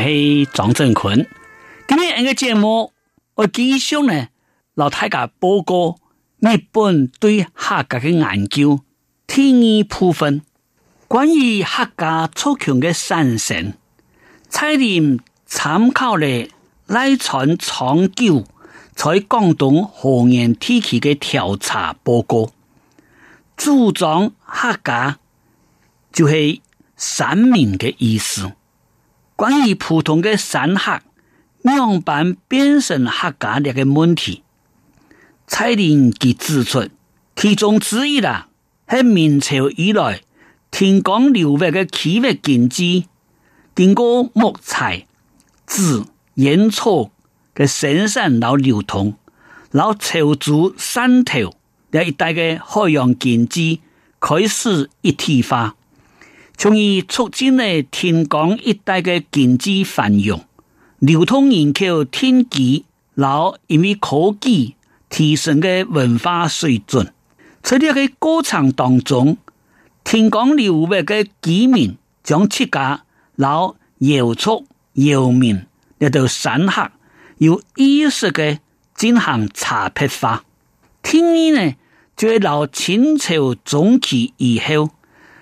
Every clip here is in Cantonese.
係張正坤，今日呢個節目，我繼續呢，同大家報告日本對客家嘅研究第二部分，關於客家出強嘅山城，差點參考了賴傳長久在廣東河源地區嘅調查報告，主張客家就係山民嘅意思。關於普通的三峽兩壩變成客家人嘅問題，蔡驎的指出，其中之一啦，係明朝以來汀江流域嘅區域經濟，經過木材、紙、鹽、醋嘅生產老流通，老潮州汕頭呢一帶嘅海洋經濟開始一體化。從而促進了天港一帶的經濟繁榮，流通人口天機，然後因為科技提升嘅文化水準。在這個過程當中，天港流域的居民將自家老瑤族瑤民嚟到散客，有意識嘅進行差別化。天呢呢，就係由清朝中期以後。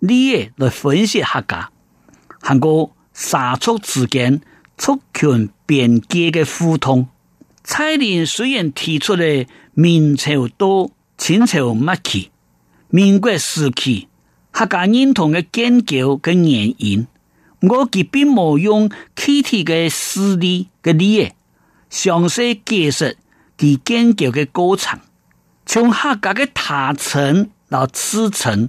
你個來分析客家，行過三州之間，族群便捷的互通。蔡林雖然提出了明朝到清朝末期，民國時期客家認同的建構嘅原因，我既並冇用具體的事例嘅例子詳細解釋啲建構的過程，從客家的塔城到赤城。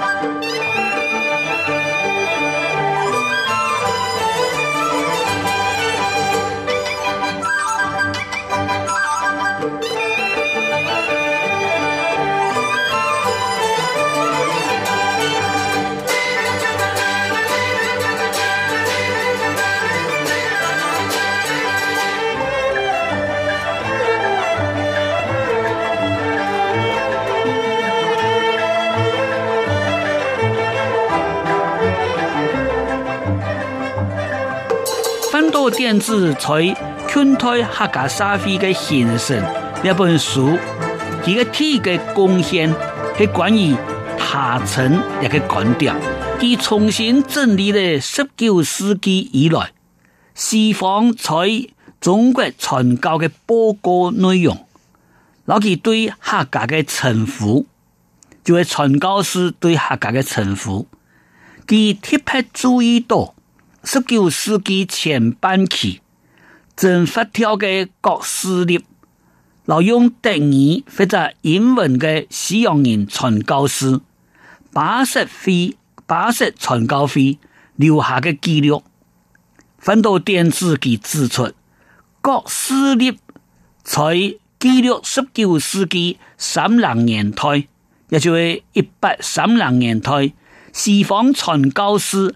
郭店子在全台客家社會嘅形成呢本書，佢嘅體嘅貢獻係關於下層一個觀點，佢重新整理了十九世紀以來西方在中國傳教嘅報告內容，以及對客家嘅稱呼，就係傳教士對客家嘅稱呼，佢特別注意到。十九世紀前半期，正發條嘅郭士立，留用德語或者英文嘅西洋人傳教士，巴色會、巴色傳教會留下嘅記錄，翻到電子給指出，郭士立在記錄十九世紀三零年代，也就係一八三零年代西方傳教士。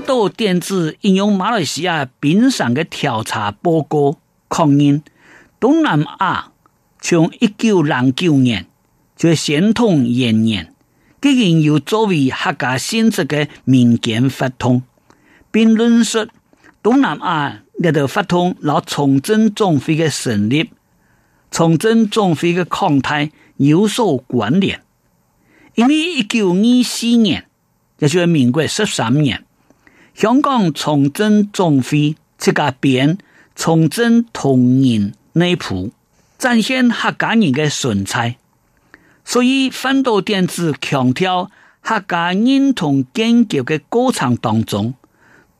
多電子引用馬來西亞檳城嘅調查報告，確認東南亞從一九零九年就係宣統元年，竟然有作為客家性質嘅民間法通，並論述東南亞呢條法通，撈崇正中非嘅成立，崇正中非嘅康態有所關聯，因為一九二四年，也就係民國十三年。香港重振中非，這家、個、變重振同仁內部，展現客家人的神采。所以，反到電子強調客家認同建構嘅過程當中，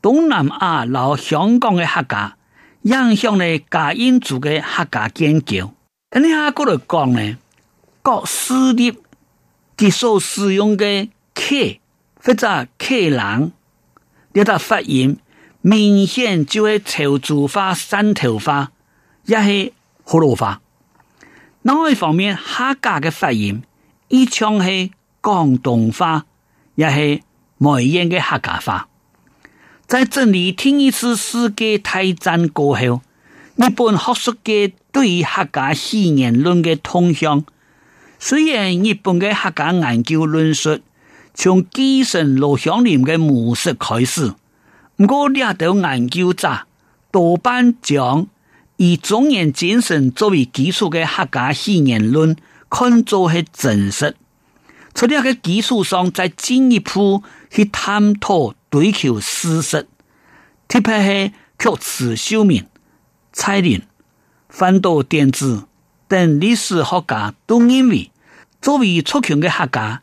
東南亞老香港嘅客家影響咧，嘉應州嘅客家建構。咁你阿哥嚟講呢，國私立嘅所使用嘅客或者客人。一到發音明顯就係潮州話、汕頭話，亦係河洛話；另外一方面客家嘅發音，以唱係廣東話，亦係梅陽嘅客家話。在印尼聽一次世界大戰過後，日本學術界對於客家四言論嘅通向，雖然日本嘅客家研究論述。從基神羅香林嘅模式開始，唔過呢一研究者多半將以中原精神作為基礎嘅客家起源論看作係真實。喺呢個基礎上再進一步去探討對口事實，特別是曲池、小明、蔡林、番都、電子等歷史學家都認為，作為出口嘅客家。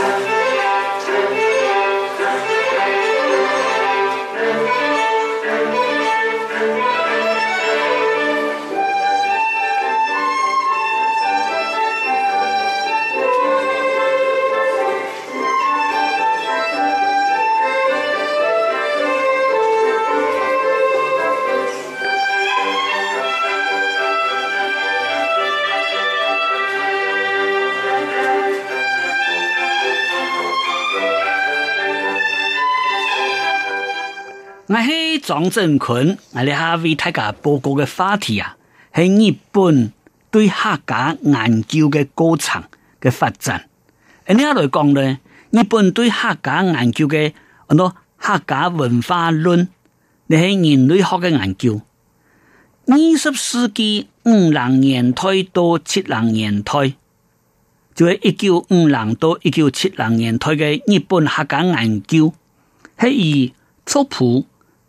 張振坤，我哋下一位大家報告嘅話題啊，係日本對客家研究嘅高層嘅發展。喺呢一度講咧，日本對客家研究嘅好多客家文化論，你喺人類學嘅研究。二十世紀五零年代到七零年代，就係一九五零到一九七零年代嘅日本客家研究，係以族譜。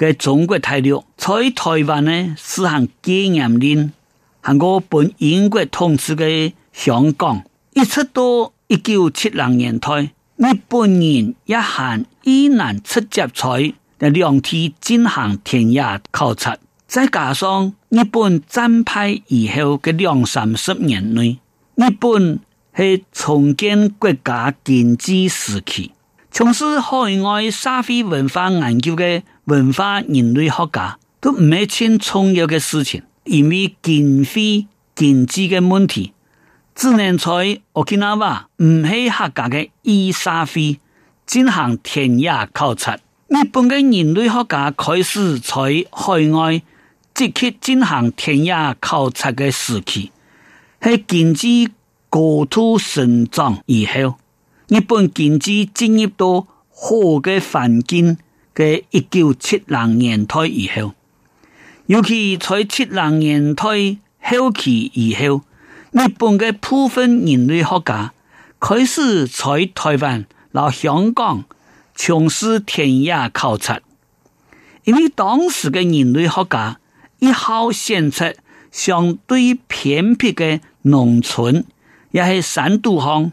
在中國大陸，在台灣呢實行戒嚴令，喺我本英國統治的香港，一直到一九七零年代，日本人一行依然出借在兩次進行田野考察，再加上日本戰敗以後的兩三十年內，日本是重建國家經濟時期。從事海外沙菲文，文化研究嘅文化人類學家，都唔係穿重要嘅事情，因為經費、經濟嘅問題，只能在我見阿爸唔係合格嘅伊沙菲進行田野考察。日本嘅人類學家開始在海外積極進行田野考察嘅時期，係經濟高度成長以後。日本經濟進入到好嘅環境嘅一九七零年代以後，尤其在七零年代後期以後，日本嘅部分人類學家開始在台灣、和香港從事田野考察，因為當時嘅人類學家亦好選擇相對偏僻嘅農村，也是山地方。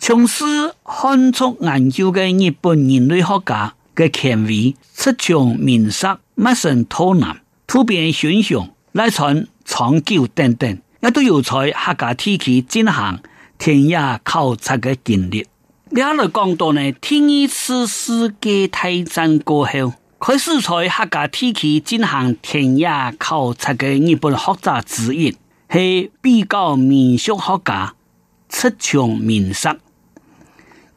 從事漢族研究嘅日本人類學家嘅權威出場面識乜神土難土變現象、拉產長久等等，我都有在客家地區進行田野考察嘅經歷。你一嚟講到呢，第一次世界大戰過後，開始在客家地區進行田野考察嘅日本學者之一，係比較民俗學家出場面識。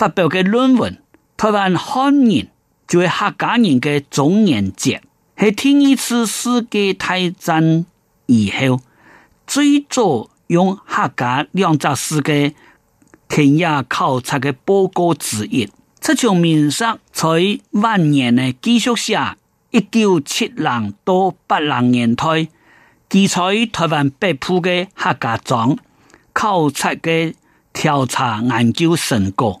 發表嘅論文，台灣漢人是客家人嘅總年節，係第二次世界大戰以後最早用客家兩字世界田野考察嘅報告之一。這場面色在萬年嘅基礎下，一九七零到八零年代，記載台灣北部嘅客家莊考察嘅調查研究成果。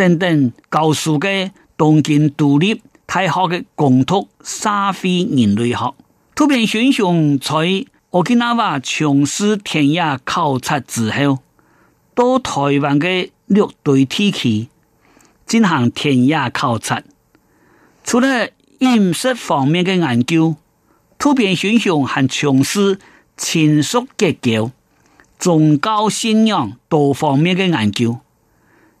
等等，高數喺東京、獨立大學嘅共同社會人類學，土變選項在奧克納瓦從事田野考察之後，到台灣嘅六堆體系進行田野考察。除了飲食方面嘅研究，土變選項還從事親屬結構、宗教信仰、多方面嘅研究。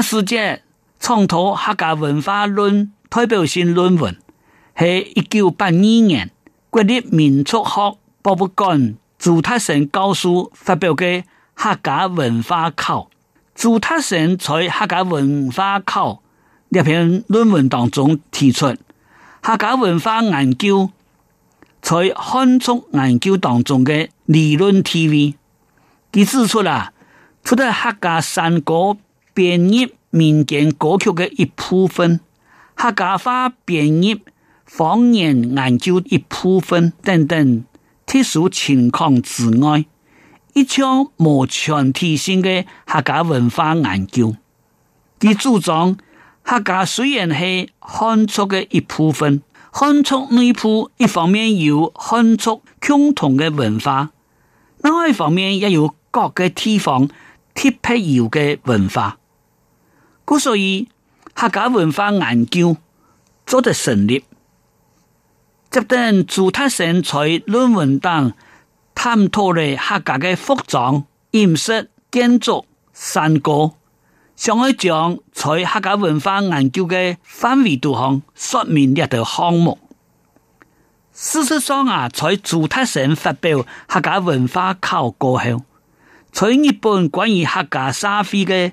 世界創土客家文化論代表性論文，係一九八二年國立民族學博物館朱達成教授發表嘅客家文化考。朱達成在客家文化考這篇論文當中提出，客家文化研究在漢族研究當中嘅理論地位，佢指出了，出但客家山歌，編譯民間歌曲嘅一部分，客家話編譯方言研究一部分等等，特殊情況之外，一腔無全體性嘅客家文化研究嘅主張。客家雖然是漢族嘅一部分，漢族內部一方面有漢族共同嘅文化，另外一方面也有各個地方特別有嘅文化。所以客家文化研究做得順利，即等朱太生在論文當中探討了客家的服裝、飲食、建築、山歌，想一講在客家文化研究的範圍度上，說明了條項目。事實上啊，在朱太生發表客家文化考古後，在日本關於客家社會的。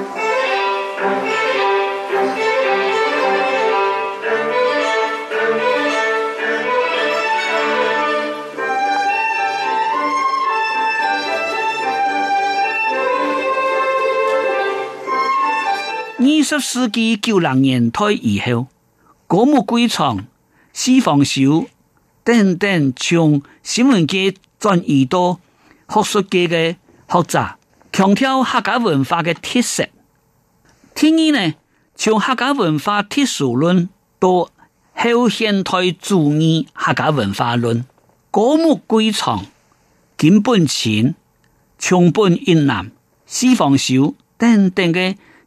二十世紀九零年代以後，古木歸藏私方少，等等，從新聞界轉移到學術界的學習，強調客家文化的特色。第二呢，從客家文化特殊論到後現代主義客家文化論，古木歸藏金本錢、長本越南私方少，等等嘅。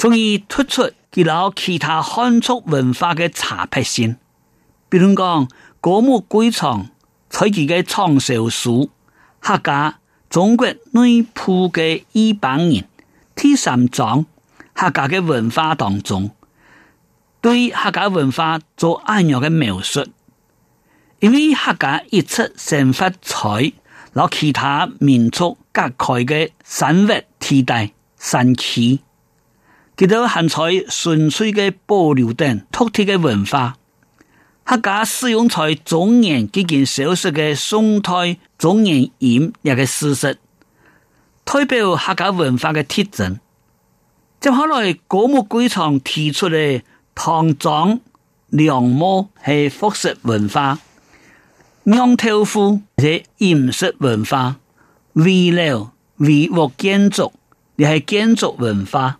從而突出給了其他漢族文化的差別性，比如講高木桂藏在自己的暢銷書客家中國內部的異邦人第三章客家的文化當中，對客家文化做按鈕的描述，因為客家一出生活在攞其他民族隔開的生活地帶山區。見得行在純粹嘅保留低，獨特嘅文化；客家使用在中原幾件小說嘅宋代中原演入嘅事實，代表客家文化嘅特徵。接下來古木舉場提出嘅唐裝涼帽係服飾文化，釀豆腐係飲食文化，圍樓圍屋建築亦係建築文化。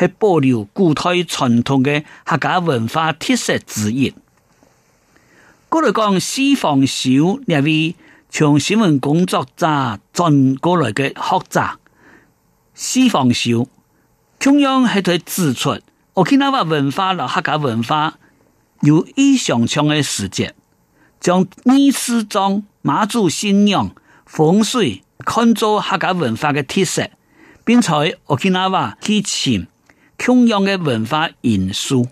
係保留古代傳統嘅客家文化特色之一。過來講，施放少呢位從新聞工作者轉過來嘅學者，施放少，中央係在指出，我見那話文化客家文化有嘅事跡，將馬祖新娘、風水，看作客家文化嘅特色，並在我見那話之前。同樣的文化元素，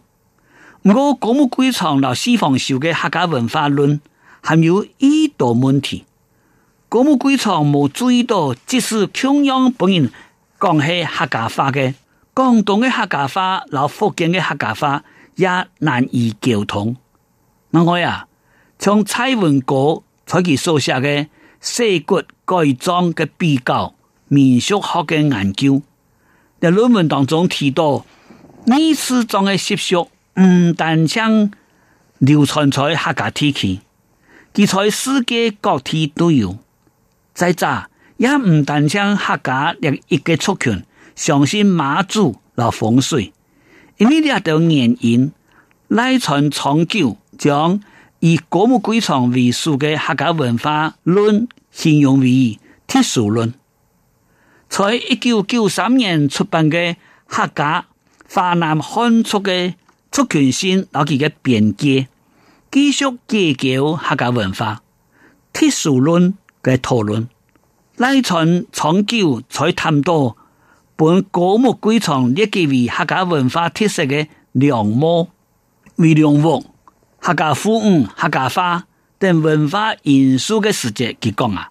不過高木桂藏老世芳少嘅客家文化論，含有呢度問題。高木桂藏冇注意到，即使同樣本人講係客家話嘅，廣東嘅客家話、老福建嘅客家話也難以溝通。另外啊，從蔡文國在其所寫嘅《洗骨改葬嘅比較民俗學嘅研究》。在論文當中提到呢次、嗯、中的習俗唔但將流傳在客家地區，佢在世界各地都有。再者，也唔但將客家利益個族群，相信馬祖老風水，因為呢一度原因，賴傳長久將以古墓鬼床為首的客家文化論形容為鐵樹論。在一九九三年出版的，法出的，出的《客家華南漢族的《族群性及其邊界》，繼續建構客家文化特殊論的討論，拉長長久才探討本古木龜場列為客家文化特色的良模、梅梁屋、客家服飾、客家話等文化元素的實踐結構啊！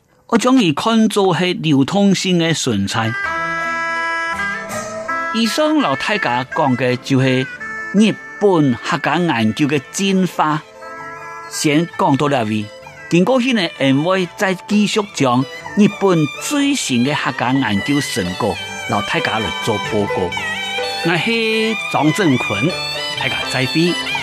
我將你看做是流通性的順差。以上老太家講嘅就係日本客家研究嘅進化。先講到呢位，經過呢兩位再繼續講日本最新嘅客家研究成果。老太家來做報告，我是張正坤，大家再見。